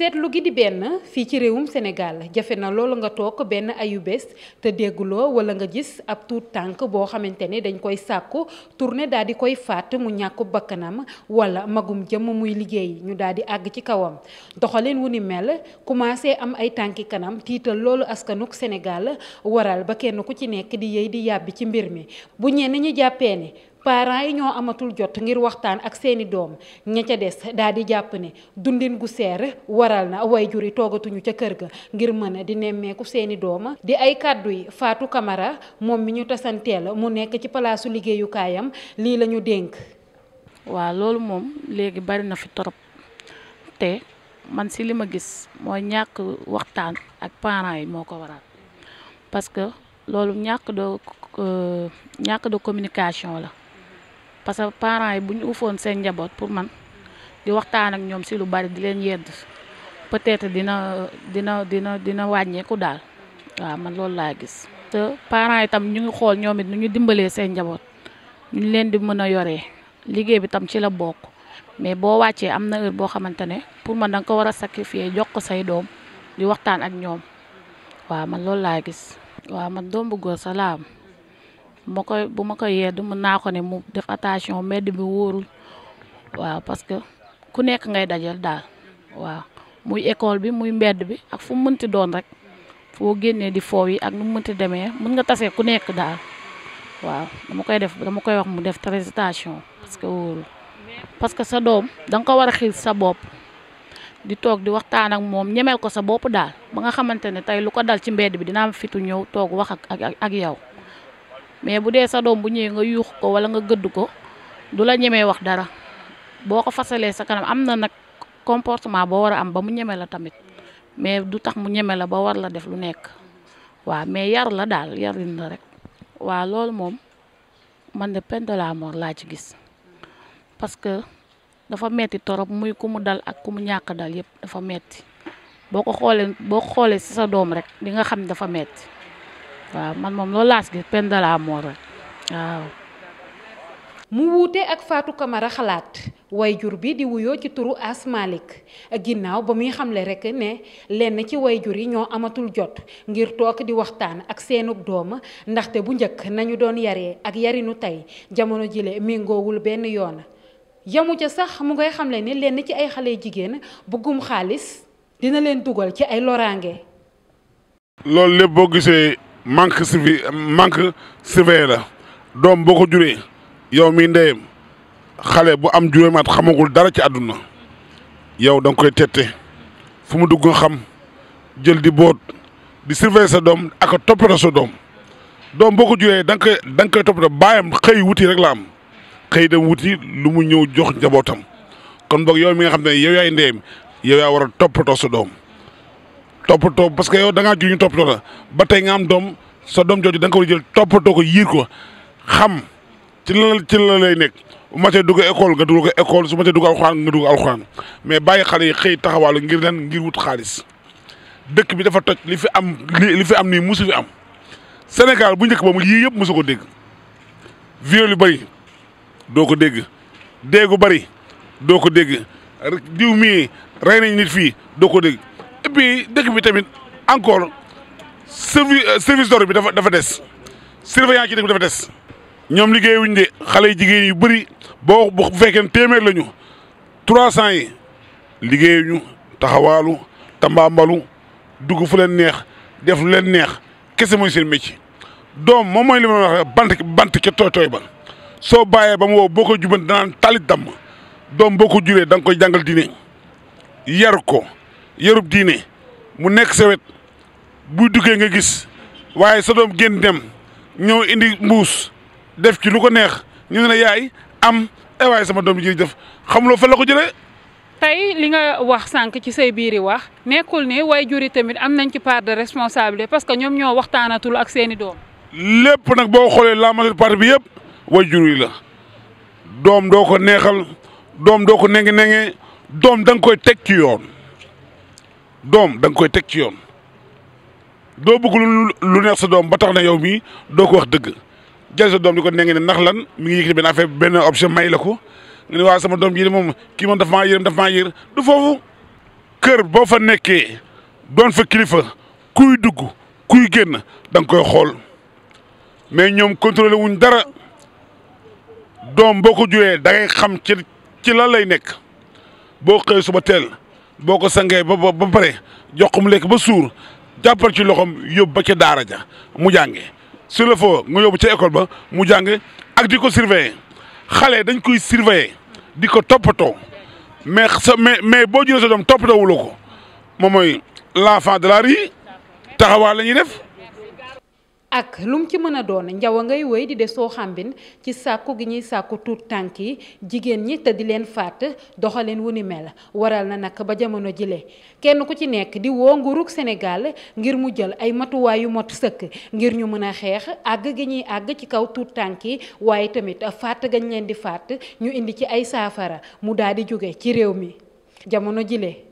seetlu gi di benn fii ci réewum Sénégal jafe na loolu nga toog benn ayubés te dégguloo wala nga gis ab tuut tànk boo xamante ne dañ koy sàkku tourné daal di koy faat mu ñàkku bakkanam wala magum jëm muy liggéeyi ñu daal di àgg ci kawam doxalin wu ni mel commencé am ay tànki kanam tiital loolu askanuk Sénégal waral ba kenn ku ci nekk di yëy di yàbbi ci mbir mi bu ñenn ñi jàppee ni parent yi ñoo amatul jot ngir waxtaan ak seeni doom ña ca des daal di jàpp ne dundin gu seer waral na waajur yi toogatuñu ca kër ga ngir mën a di nemmeeku seeni doom di ay kàddu yi Fatou Camara moom mi ñu la mu nekk ci palaasu liggéeyukaayam lii lañu dénk. waaw loolu moom léegi bari na fi torop te man si li ma gis mooy ñàkk waxtaan ak parent yi moo ko waral parce que loolu ñàkk de euh, ñàkk de communication la. parce que parent yi bu ñu ufoon seen njaboot pour man di waxtaan ak ñoom si lu bari di leen yedd peut-être dina dina dina dina wàññeeku daal waaw man loolu laa gis. te parents yi tam ñu ngi xool ñoom it nu ñu dimbalee seen njaboot ñu leen di mën a yoree liggéey bi tam ci la bokk mais boo wàccee am na heure boo xamante ne pour man da nga ko war a sacrifier jox ko say doom di waxtaan ak ñoom waaw man loolu laa gis. waa man doom bu salaam ma koy bu ma koy yedd mën naa ko ne mu def attention mbedd bi wóorul waaw parce que ku nekk ngay dajal daal waaw muy école bi muy mbedd bi ak fu mu mënti doon rek foo génnee di foow yi ak nu mu mënti demee mën nga tasee ku nekk daal waaw dama koy def dama koy wax mu def très attention parce que wóorul parce que sa doom danga ko war a xiir sa bopp di toog di waxtaan ak moom ñemeel ko sa bopp daal ba nga xamante ne tey lu ko dal ci mbedd bi dina am fitu ñëw toog wax ak ak ak yow mais bu dee sa doom bu ñëwee nga yuux ko wala nga gëdd ko du la ñemee wax dara boo ko fasalee sa kanam am na nag comportement boo war a am ba mu ñemee la tamit mais du tax mu ñemee la ba war la def lu nekk waaw mais yar la daal yarin la rek waaw loolu moom man de peine de la mort laa ci gis parce que dafa metti torop muy ku mu dal ak ku mu ñàkk dal yépp dafa metti boo ko xoolee boo xoolee ci sa doom rek di nga xam dafa metti waaw man moom loolu laas gis peine de la rek waaw. mu wuute ak faatu Camara xalaat way jur bi di wuyoo ci turu As Malick ginnaaw ba muy xamle rek ne lenn ci wayjur yi ñoo amatul jot ngir toog di waxtaan ak seenu doom ndaxte bu njëkk nañu doon yare ak yarinu tey jamono jile méngoowul benn yoon yamu ca sax mu ngay xamle ni lenn ci ay xale jigéen bëggum xaalis dina leen dugal ci ay loraange. loolu lépp boo gisee manque survi manque surveillé la doom boo ko juree yow mii ndeyam xale bu am juróomi xamagul dara ci àdduna yow da nga koy tette fu mu dugg xam jël di boot di surveiller sa doom ak a toppatoo sa doom doom boo ko juree da nga koy da nga koy toppatoo bàyyam xëy wuti rek la am xëy dem wuti lu mu ñëw jox njabootam kon boog yow mi nga xam ne yow yaay ndeyam yow yaa war a toppatoo sa doom. toppatoo parce que yow da ngaa jur ñu toppatoo la ba tey nga am doom sa doom jooju da nga ko war a jël toppatoo ko yiir ko xam ci la ci la lay nekk bu ma dugg école nga dugg ko école su ma see dugg alxuraan nga dugg alxuraan mais bàyyi xale yi xëy taxawaalu ngir nan ngir wut xaalis dëkk bi dafa toj li fi am li fi am nii musu fi am Sénégal bu njëkk ba mu yii yëpp musu ko dégg viol yu bëri doo ko dégg déegu bari doo ko dégg diw mii rey nañ nit fii doo ko dégg bi dëkk bi tamit encore servi euh, service d'ordre bi dafa dafa des surveillant ci dëkk bi dafa des ñoom liggéeyuñ de xale yi jigéen yu bëri boo bu fekkee téeméer lañu trois cent yi liggéeyuñu taxawaalu tambaambalu dugg fu leen neex def leen neex kese mooy seen métier doom moom mooy li ma wax bant bant ke tooy tooy ba soo bàyyee ba mu wow boo ko juban danaan talit damm doom boo ko juree da nga koy jàngal diine yar ko yarub diine mu nekk sa wet buy duggee nga gis waaye sa doom génn dem ñëw indi mbuus def ci lu ko neex ñu ne la yaay am ay eh waaye sama doom ji def xamuloo fa la ko jëlee. tey li nga wax sànq ci say i wax nekkul ne way juri tamit am nañ ci part de responsabilité parce que ñoom ñoo waxtaanatul ak seeni doom. lépp nag boo xoolee la majeure partie bi yëpp way juri la doom doo ko neexal doom doo ko nengi nengi doom danga nga koy teg ci yoon. doom da nga koy teg ci yoon doo bëgg lu lu neex sa doom ba tax na yow mii doo ko wax dëgg jël sa doom di ko ne ne ndax lan mi ngi yëkkati benn affaire benn objet may la ko nga ne waa sama doom ji de moom kii moom dafa maa yërëm dafa maa du foofu. kër boo fa nekkee doon fa kilifa kuy dugg kuy génn danga koy xool mais ñoom contrôlé wuñ dara doom boo ko juree da xam ci ci lan lay nekk boo xëyee suba teel. boo ko sangee ba ba pare jox ko mu lekk ba suur jàppal ci loxoom yóbbu ba ca daara ja mu jànge sur le fond nga yóbbu ca école ba mu jàngee ak di ko surveiller xale dañ koy surveiller di ko toppatoo mais sa mais mais boo jëlee sa doom toppatoo wuloo ko moom mooy l'enfant de la rue taxawaay la ñuy def. ak lum ci mën a doon njaw a ngay wéy di de soo xambin ci sàkku gi ñuy sàkku tuut tànk yi jigéen ñi te di leen fàtt doxalin wu ni mel waral na nag ba jamono jile kenn ku ci nekk di woo nguurug senegal ngir mu jël ay matuwaay yu mot sëkk ngir ñu mën a xeex àgg gi ñuy àgg ci kaw tuut tànk yi waaye tamit faat gañ leen di faat ñu indi ci ay saafara mu daal di jóge ci réew mi jamono jile